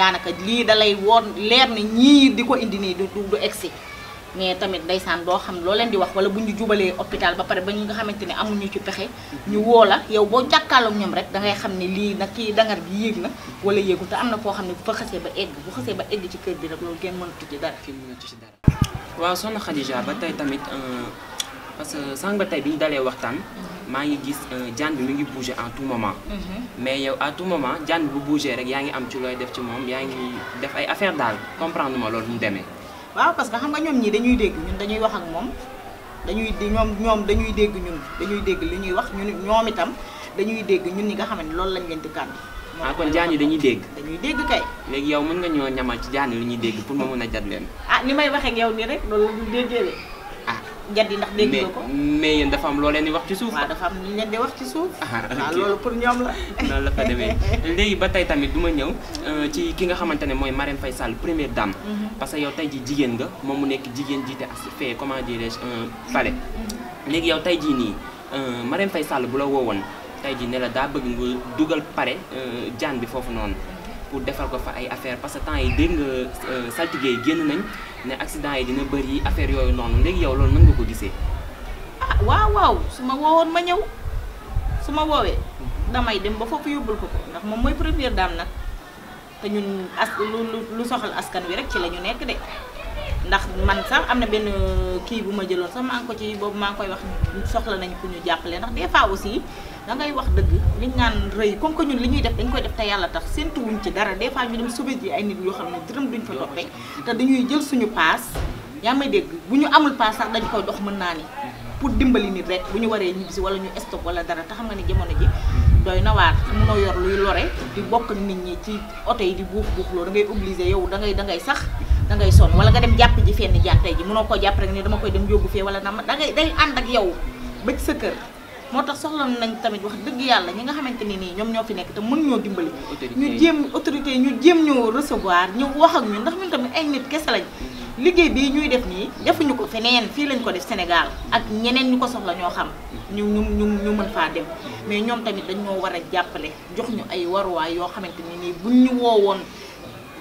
daanaka lii dalay woon leer ne ñii di ko indi nii du du egsi mais tamit ndeysaan doo xam loo leen di wax wala bu ñu jubalee hôpital ba pare ba ñu nga xamante ni amuñu ci pexe ñu mm-hmm. woo la yow boo jàkkaarloog ñoom rek da ngay xam ne lii nag kii dangar bi yéeg na wala yéegu te am na foo xam ne bu fa xasee ba egg bu xasee ba egg ci kër bi rek loolu kenn mënatu ci dara. kenn mënatu ci dara. waaw soxna Khadija ba tey tamit euh, parce que sànq ba tey bi ñu dalee waxtaan. Mhm. maa ngi gis euh, atu bi mu ngi bouger en tout moment. Mhm. mais yow à tout moment bu bouger rek yaa ngi am ci looy def ci moom yaa ngi def ay affaire daal comprendre ma loolu mu demee. waaw parce que xam nga ñoom ñii dañuy dégg ñun dañuy wax ak moom dañuy ñoom ñoom dañuy dégg ñun dañuy dégg li ñuy wax ñun ñoom itam dañuy dégg ñun ñi nga xam ne loolu lañ leen di kàddu. ah kon jaan dañuy dégg. dañuy dégg kay. léegi yow mën nga ñoo ñamal ci lu ñuy dégg pour ma mën a leen. ah ni may waxee ak yow nii rek njaddi ndax dégg mais yéen dafa am loo leen di wax ci suuf waaw dafa am lu leen di wax ci suuf ah, waaw loolu pour ñoom la noonu la fa demee léegi ba tey tamit du ma ñëw euh, ci ki nga xamante ne mooy Marème Faye Sall première dame mhm. parce que yow tey jii jigéen nga moom mu nekk jigéen jiite fee comment dirais-je un euh, palais mhm. léegi yow tey jii nii euh, Marème fay Sall bu la woowoon tey jii ne la daa bëgg nga dugal pare jaan bi foofu noonu pour defal ko fa ay affaire parce que temps yi dégg nga euh, saltige yi génn nañ ne accident yi dina bëri affaire yooyu noonu léegi yow loolu nan nga ko gisee. ah waaw waaw su ma woowoon ma ñëw su ma woowee damay dem ba foofu yóbbul ko ko ndax moom mooy première dame nag te ñun as lu lu soxal askan wi rek ci la ñu nekk de. ndax man sax am na benn kii bu ma jëloon sax maa ngi ko ci boobu maa ngi koy wax soxla nañ ku ñu jàppale ndax des fois aussi da ngay wax dëgg li ñu naan rëy comme ñun li ñuy def dañ koy def te yàlla tax séntu ci dara des fois ñu dem ay nit yoo xam ne dërëm duñ fa toppee te dañuy jël suñu paas yaa ma dégg bu ñu amul paas sax dañ koy dox mën naa ni pour dimbali nit rek bu ñu waree ñibbisi wala ñu stock wala dara te xam nga ni jamono ji doy na waar yor luy lore di bokk nit ñi ci oto yi di buux buux loo da ngay obligé yow da ngay da sax da ngay sonn wala nga dem jàpp ji fenn jaan tey ji mënoo koo jàpp rek ne dama koy dem jógu fee wala dama da ngay day ànd ak yow bëj sa kër moo tax soxla nañ tamit wax dëgg yàlla ñi nga xamante ni nii ñoom ñoo fi nekk te mën ñoo dimbali ñu jéem autorité ñu jéem ñoo recevoir ñu wax ak ñun ndax ñun tamit ay nit kese lañ liggéey bii ñuy def nii defuñu ko feneen fii lañ ko def Sénégal ak ñeneen ñu ko soxla ñoo xam ñu ñu ñu ñu mën faa dem mais ñoom tamit dañ ñoo war a jàppale jox ñu ay waruwaay yoo xamante ni buñ ñu woowoon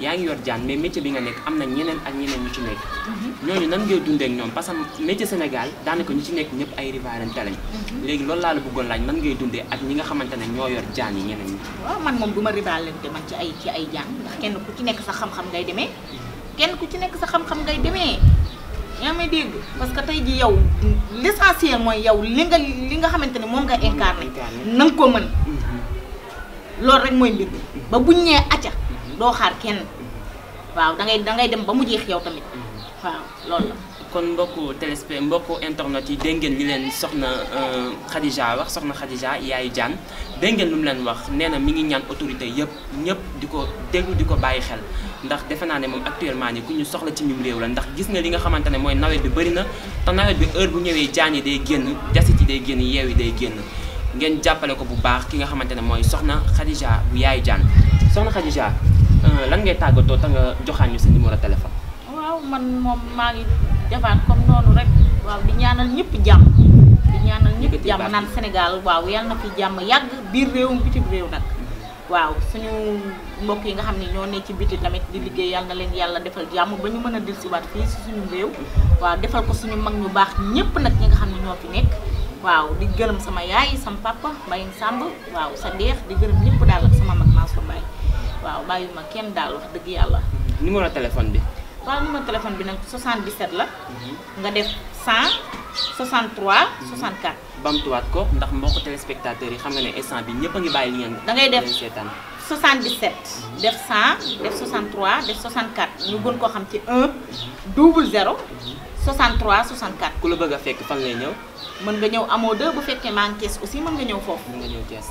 yaa ngi yor jaan mais métier bi nga nekk am na ñeneen ak ñeneen ñu ci nekk mhm. ñooñu nan ngay dundee ñoom parce que métier Sénégal daanaka ñu ci nekk ñëpp ay riverains lañ mhm. léegi loolu laa la bëggoon laaj nan ngay dundee ak ñi nga xamante ne ñoo yor jaan yi ñeneen ñi waaw man moom du ma rivalante man ci ay ci ay jaan ndax kenn ku ci nekk sa xam-xam ngay demee kenn ku ci nekk sa xam-xam ngay demee yaa may dégg parce que tey ji yow l'essentiel mooy yow li nga li nga xamante ne moom nga incarné na nga ko mën mhm. loolu rek mooy bi ba buñ ñee acca doo xaar kenn waaw dangay dangay dem ba mu jeex yow tamit mm-hmm. waaw loolu la. kon mbokku téléspe mbokku internet yi dégg ngeen li leen soxna euh, Khadija wax soxna Khadija yaayu jaan dégg ngeen lu mu leen wax nee na mi ngi ñaan autorité yëpp ñëpp di ko déglu di ko bàyyi xel. ndax defe naa ne moom actuellement ni ku soxla ci ñum réew la ndax gis nga li nga xamante ne mooy nawet bi bëri na te nawet bi heure bu ñëwee jaan yi day génn jasit yi day génn yeew yi day génn ngeen jàppale ko bu baax ki nga xamante ne mooy soxna Khadija bu yaayu jaan soxna Khadija. Euh, lan ngay tàggatoo te nga joxaan ñu sa numéro téléphone. waaw man moom maa ngi defaat comme noonu rek waaw di ñaanal ñëpp jàmm. di ñaanal ñëpp jàmm naan Sénégal waaw yal na fi jàmm yàgg biir réewum bitim réew nag. waaw suñu mbokk yi nga xam ne ñoo ne ci biti tamit di liggéey yàlla na leen yàlla defal jàmm ba ñu mën a dellusiwaat fii si suñu réew. waaw defal ko suñu mag ñu baax ñëpp nag ñu nga xam ne ñoo fi nekk. waaw di gërëm sama yaay sam papa Mbayang Samb di gërëm ñëpp daal sama bàyyi ma kenn daal wax dëgg yàlla. numéro téléphone bi. waaw numéro téléphone bi nag 77 la. Mhm. nga def 100. 63 64. Mhm. bamtuwaat ko ndax mbokk téléspectateur yi xam nga ne instant bi ñëpp a ngi bàyyi li ngeen. da ngay def seetaan 77. Mhm. def 100 def 63 def 64 ñu gën ko xam ci 1 mhm. double 0 63 64. ku la bëgg a fekk fan lay ñëw. mën nga ñëw amoo deux bu fekkee maa ngi aussi mën nga ñëw foofu. mën nga ñëw Thiès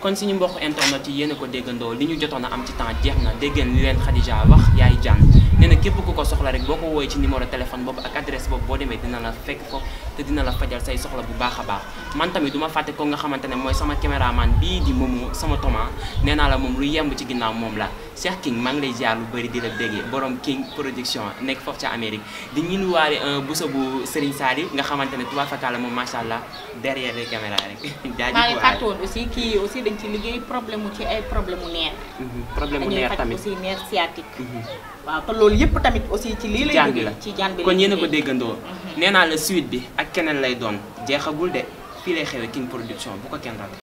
kon suñu mbokk internet yi yéen ko déggandoo li ñu jotoon na am ci temps jeex na dégg ngeen li leen Khadija wax yaay jàng. képp ku ko soxla rek boo ko woowee ci numéro téléphone boobu ak adresse boobu boo demee dina la fekk foofu te dina la fajal say soxla bu baax mantam baax man tamit duma fàtte ko nga xamante ne sama caméraman bii di moomu sama Thomas nee naa la moom lu yemb ci ginnaaw moom la Cheikh King mang lay jaar lu bëri di la déggee borom King production nekk foofu ca Amérique di luar euh, buso busa bu Serigne Sali nga xamante ne tubaab fakkaale moom macha allah derrière les caméras rek. jaajëf maa ngi fàttewoon aussi kii aussi dañ ci liggéey problème mu ci ay problème mu mhm, problème mu tamit aussi neer sciatique. Mhm. waaw te loolu yëpp tamit aussi ci lay. ci bi kon ko déggandoo. Mhm. la suite bi keneen lay doon jeexagul de fii lay xewee King Production bu ko kenn raté